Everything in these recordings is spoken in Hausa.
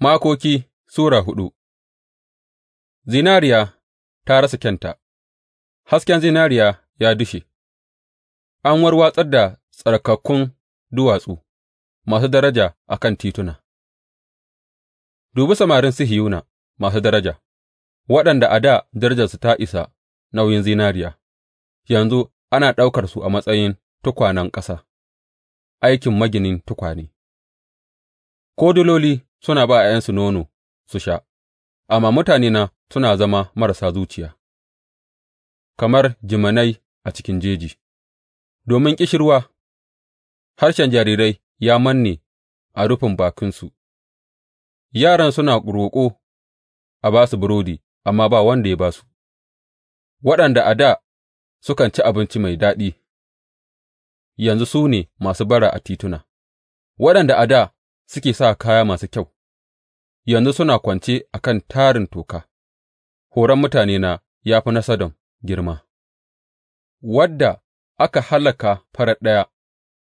Makoki Sura hudu Zinariya ta rasa kyanta, hasken zinariya ya dushe, an warwatsar da tsarkakkun duwatsu masu daraja a kan tituna; dubi samarin sihiyuna masu daraja, waɗanda a dā darajarsu ta isa nauyin zinariya, yanzu ana ɗaukar su a matsayin tukwanen ƙasa, aikin maginin tukwane. Kodiloli suna ba ’ya'yansu nono su sha, amma mutanena suna zama marasa zuciya kamar jimanai a cikin jeji, domin ƙishirwa harshen jarirai ya manne a rufin bakinsu, yaran suna roƙo a ba su burodi, amma ba wanda ya ba su, waɗanda a da sukan ci abinci mai daɗi, yanzu su ne masu bara a tituna, waɗanda a da suke sa kaya masu kyau, yanzu suna kwance a kan tarin toka; horon mutanena ya fi na Sodom girma, wadda aka hallaka farat ɗaya,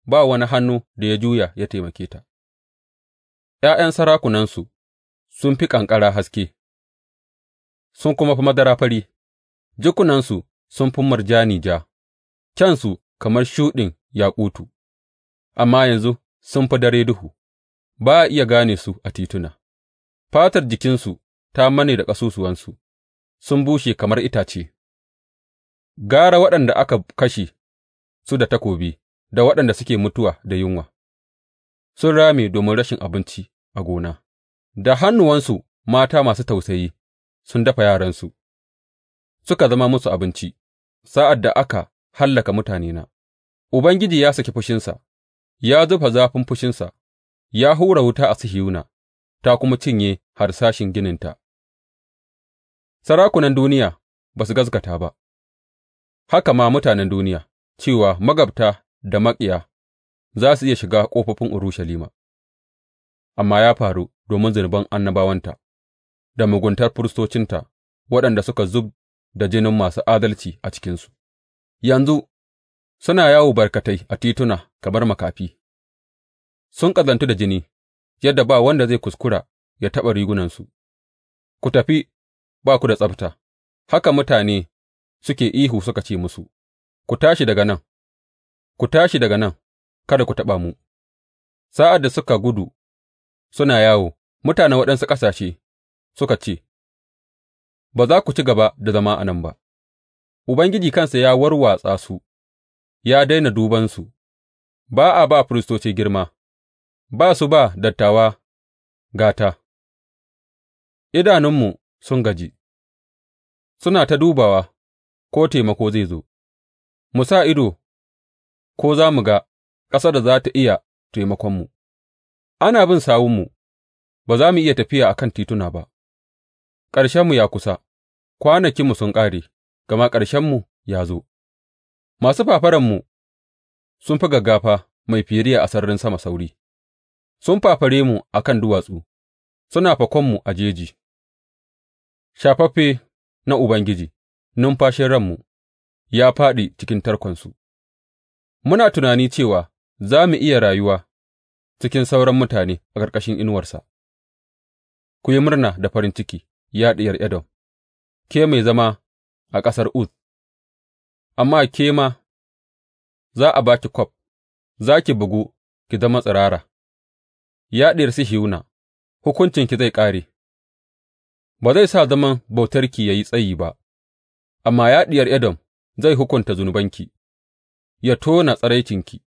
ba wani hannu da ya juya ya taimake ta; ’ya'yan sarakunansu sun fi ƙanƙara haske, sun kuma fi madara fari, jikunansu sun fi murjani ja, kyansu kamar shuɗin yakutu, amma yanzu sun fi dare duhu, ba a iya gane su a tituna. Fatar jikinsu ta manne da ƙasusuwansu, sun bushe kamar itace; gara waɗanda aka kashe su da takobi da waɗanda suke mutuwa da yunwa, sun rame domin rashin abinci a gona, da hannuwansu mata masu tausayi sun dafa yaransu suka zama musu abinci sa'ad da aka hallaka mutanena. Ubangiji ya saki fushinsa, ya zufa zafin fushinsa, ya hura wuta a Sihiyona. ta kuma cinye harsashin gininta; sarakunan duniya ba su gaskata ba, haka ma mutanen duniya, cewa magabta da maƙiya za su iya shiga ƙofofin Urushalima, amma ya faru domin zunuban annabawanta da muguntar firistocinta waɗanda suka zub da jinin masu adalci a cikinsu, yanzu suna yawo barkatai a tituna kamar makafi, sun ƙazantu da jini yadda ba wanda zai kuskura ya taɓa rigunansu, ku tafi ba ku da tsabta, haka mutane suke ihu suka ce musu, Ku tashi daga nan, ku tashi daga nan, kada ku taɓa mu, sa'ad da suka gudu suna yawo, mutanen waɗansu ƙasashe suka ce, Ba za ku ci gaba da zama a nan ba, Ubangiji kansa ya warwatsa su, ya daina dubansu, ba a ba firistoci girma. ba su ba dattawa gata; idanunmu sun gaji, suna ta dubawa ko taimako zai zo, mu sa ido ko za mu ga ƙasa da za ta iya taimakonmu; ana bin sawunmu, ba za mu iya tafiya a kan tituna ba, ƙarshenmu ya kusa, kwanakinmu sun ƙare, gama ƙarshenmu ya zo, masu fafaranmu sun fi gaggafa mai firiya a sararin sama sauri. Sun fafare mu a kan duwatsu suna fakonmu a jeji, shafaffe na Ubangiji, numfashin ranmu, ya fāɗi cikin tarkonsu; muna tunani cewa za mu iya rayuwa cikin sauran mutane a ƙarƙashin inuwarsa Ku yi murna da farin ciki, ya ɗiyar Edom, ke mai zama a ƙasar Uz, amma ke ma za a ba ki kwaf, za ki bugu ki zama tsirara. Ya Diyar Sihiyona, hukuncinki zai ƙare, ba zai sa zaman bautarki ya yi tsayi ba, amma ya Diyar Edom zai hukunta zunubanki, ya tona tsiraicinki.